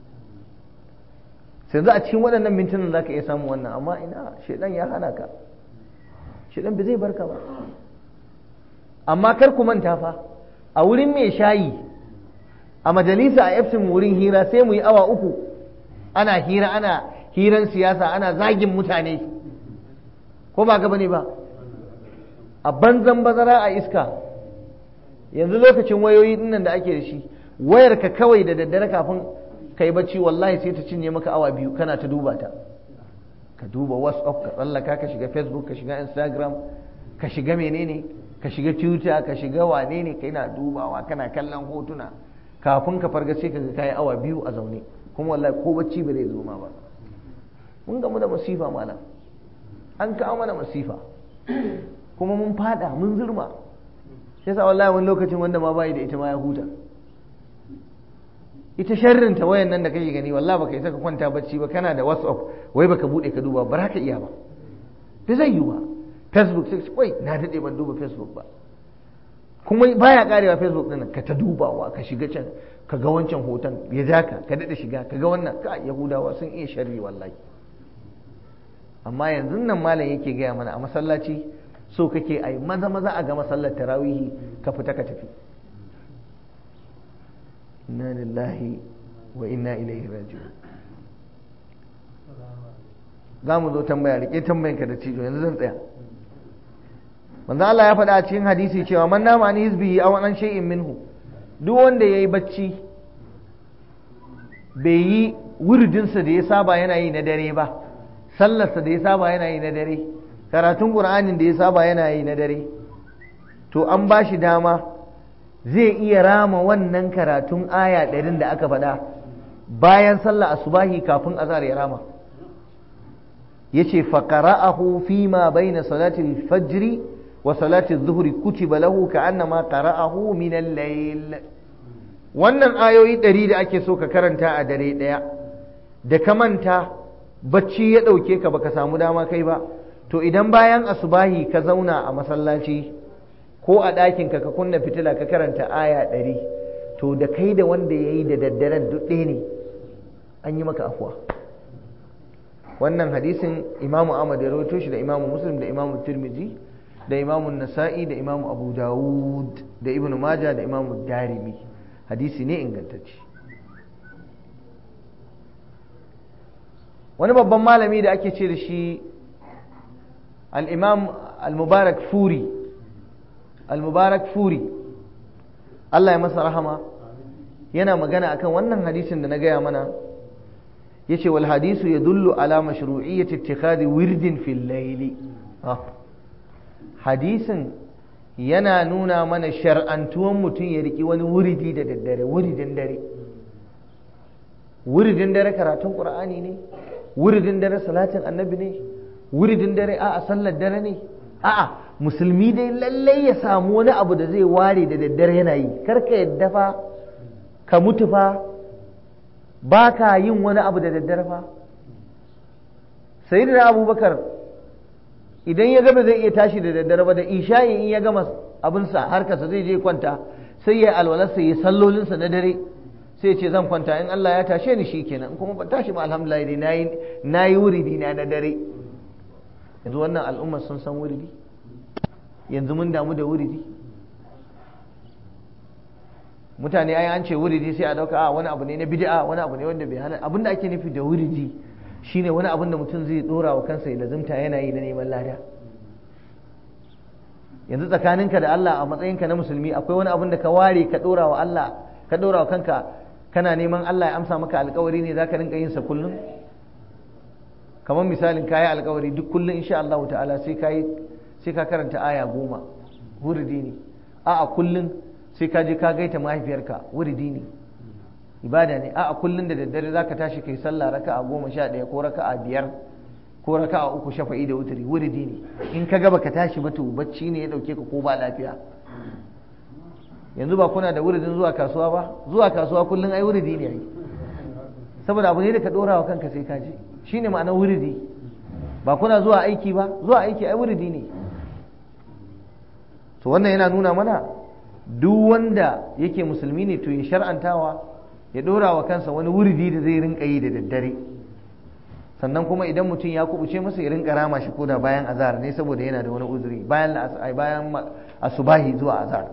sai yanzu a cikin waɗannan mintunan za ka iya samun wannan amma ina shaidan ya hana ka shaidan ba zai barka ba amma kar ku manta fa a wurin mai shayi a majalisa a efsin wurin hira sai mu yi awa uku ana hira ana hiran siyasa ana zagin mutane ko ba gaba ne ba a banzan bazara a iska yanzu lokacin wayoyi dinnan da ake da shi wayarka kawai da daddare kafin kai bacci wallahi sai ta cinye maka awa biyu kana ta duba ta ka duba whatsapp ka tsallaka ka shiga facebook ka shiga instagram ka shiga menene ka shiga twitter ka shiga wane ne ka na dubawa kana kallon hotuna kafin ka farga sai ga kayi awa biyu a zaune kuma wallahi ko bacci ba zai zo ma ba mun gamu da masifa malam an kawo mana masifa kuma mun fada mun zurma sai sa wallahi wani lokacin wanda ma bai da ita ma ya huta ita sharrin ta wayan nan da kake gani wallahi baka isa ka kwanta bacci ba kana da whatsapp wai baka bude ka duba ba ka iya ba da zai yi ba facebook sai kai na dade ban duba facebook ba kuma baya karewa facebook din ka ta dubawa ka shiga can ka ga wancan hoton ya ja ka ka dade shiga ka ga wannan ka yahudawa sun iya sharri wallahi amma yanzu nan malam yake gaya mana a masallaci so kake ai maza maza a ga masallar tarawihi ka fita ka tafi inna لله wa إليه راجعون raji'un za mu zo tambaya rike ka da cijo yanzu zan tsaya manzo Allah ya faɗa cikin hadisi cewa man nama an hizbi a an shay'in minhu duk wanda yayi bacci bai yi sa da ya saba yana yi na dare ba sallar sa da ya saba yana yi na dare karatun qur'anin da ya saba yana yi na dare to an bashi dama zai iya rama wannan karatun aya ɗarin da aka faɗa bayan sallah asubahi kafin azhar ya rama yace ce qara'ahu fi ma baina salatin salatin fajiri wa salatin zuhuri, kutiba lahu ka'annama qara'ahu min wannan ayoyi ɗari da ake so ka karanta a dare ɗaya da ka manta bacci ya ɗauke ka baka samu dama kai ba to idan bayan asubahi ka zauna a masallaci ko a ɗakinka ka kunna fitila ka karanta aya ɗari to da kai da wanda ya yi da daddaren duk ɗaya ne an yi maka afuwa wannan hadisin imamu ahmad ya rawaito shi da imamu muslim da imamu tirmidhi da imamu nasa'i da imamu abu dawud da ibnu maja da imamu darimi hadisi ne ingantacce wani babban malami da ake ce da shi al-imam al-mubarak furi Almubarak furi Allah ya masa rahama yana magana kan wannan hadisin da na gaya mana yace wal hadisu yadullu ala mashru'iyyati ittikhadi wirdin fil layli hadisin yana nuna mana shar'antuwan mutum ya riki wani wuridi da daddare wuridin dare karatun qur'ani ne wuridin dare salatin annabi ne wuridin dare a'a sallar dare ne a'a musulmi dai lallai ya samu wani abu da zai ware da daddare yana yi karka yadda fa ka mutu fa ba ka yin wani abu da daddare fa sayyidina abubakar idan ya gaba zai iya tashi da daddare ba da isha'i in ya gama abinsa harkarsa zai je kwanta sai ya alwalarsa ya sallolinsa na dare sai ce zan kwanta in Allah ya tashe ni shikenan in kuma ban tashi ba alhamdulillah dai nayi nayi wuridi na na dare yanzu wannan al'ummar sun san wuridi yanzu mun damu da wuridi mutane ai an ce wuridi sai a dauka ah, wani abu ne na bid'a wani abu ne wanda bai hana abinda ake nufi da wuridi shine wani abin da mutum zai dora wa kansa ya lazimta yana yi na neman lada yanzu tsakaninka da Allah a matsayinka na musulmi akwai wani abin da ka ware ka dora wa Allah ka dora wa kanka kana neman Allah ya amsa maka alkawari ne zaka rinka yin sa kullum kamar misalin kayi alkawari duk kullum insha Allah ta'ala sai kayi sai ka karanta aya goma wuridi ne a'a kullum sai ka je ka gaita mahaifiyarka wuridi ne ibada ne a'a kullum da daddare za ka tashi kai sallah raka a goma sha ɗaya ko raka a biyar ko raka a uku sha da wuturi wuridi ne in ka gaba ka tashi ba to bacci ne ya ɗauke ka ko ba lafiya yanzu ba kuna da wuridin zuwa kasuwa ba zuwa kasuwa kullum ai wuridi ne ai saboda abu ne da ka dora wa kanka sai ka je shine ma'anar wuridi ba kuna zuwa aiki ba zuwa aiki ai wuridi ne to wannan yana nuna mana duk wanda yake musulmi ne to ya shar'antawa ya dora wa kansa wani wuridi da zai rinka yi da daddare sannan kuma idan mutum ya kubuce masa ya rinka rama shi koda bayan azhar ne saboda yana da wani uzuri bayan bayan asubahi zuwa azhar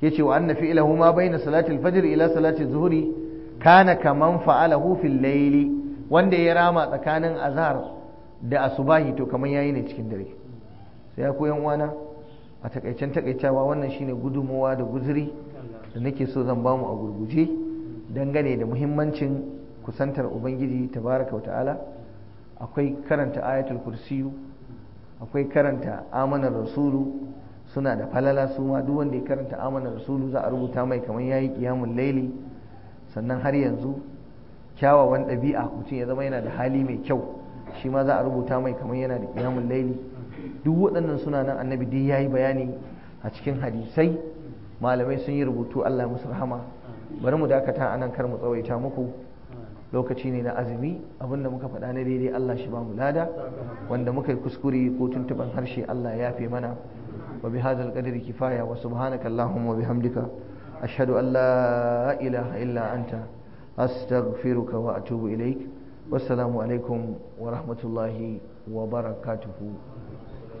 yace wa anna fi'lahu ma baina salati al-fajr ila salati zuhri kana kaman fa'alahu fil layli wanda ya rama tsakanin azhar da asubahi to kaman yayi ne cikin dare sai ya koyan uwana a takaicen takaicawa wannan shine gudumawa da guzuri da nake so zan bamu a gurguje dangane da muhimmancin kusantar ubangiji tabaraka wa ta'ala akwai karanta ayatul kursiyu akwai karanta amanar rasulu suna da falala su ma duk wanda ya karanta amanar rasulu za a rubuta mai kamar yayi kiyamun laili sannan har yanzu kyawawan ɗabi'a mutum ya zama yana da hali mai kyau shi ma za a rubuta mai kamar yana da kiyamun laili duk waɗannan suna nan annabi dai yi bayani a cikin hadisai malamai sun yi rubutu Allah musu rahama bari mu dakata a nan kar mu tsawaita muku lokaci ne na azumi da muka faɗa na daidai Allah shi ba mu lada wanda muka yi kuskure ko tuntuban harshe Allah ya fi mana wa bi hadzal qadri kifaya wa subhanaka allahumma wa bihamdika ashhadu an la ilaha illa anta astaghfiruka wa atubu ilaik wassalamu alaikum wa rahmatullahi wa barakatuhu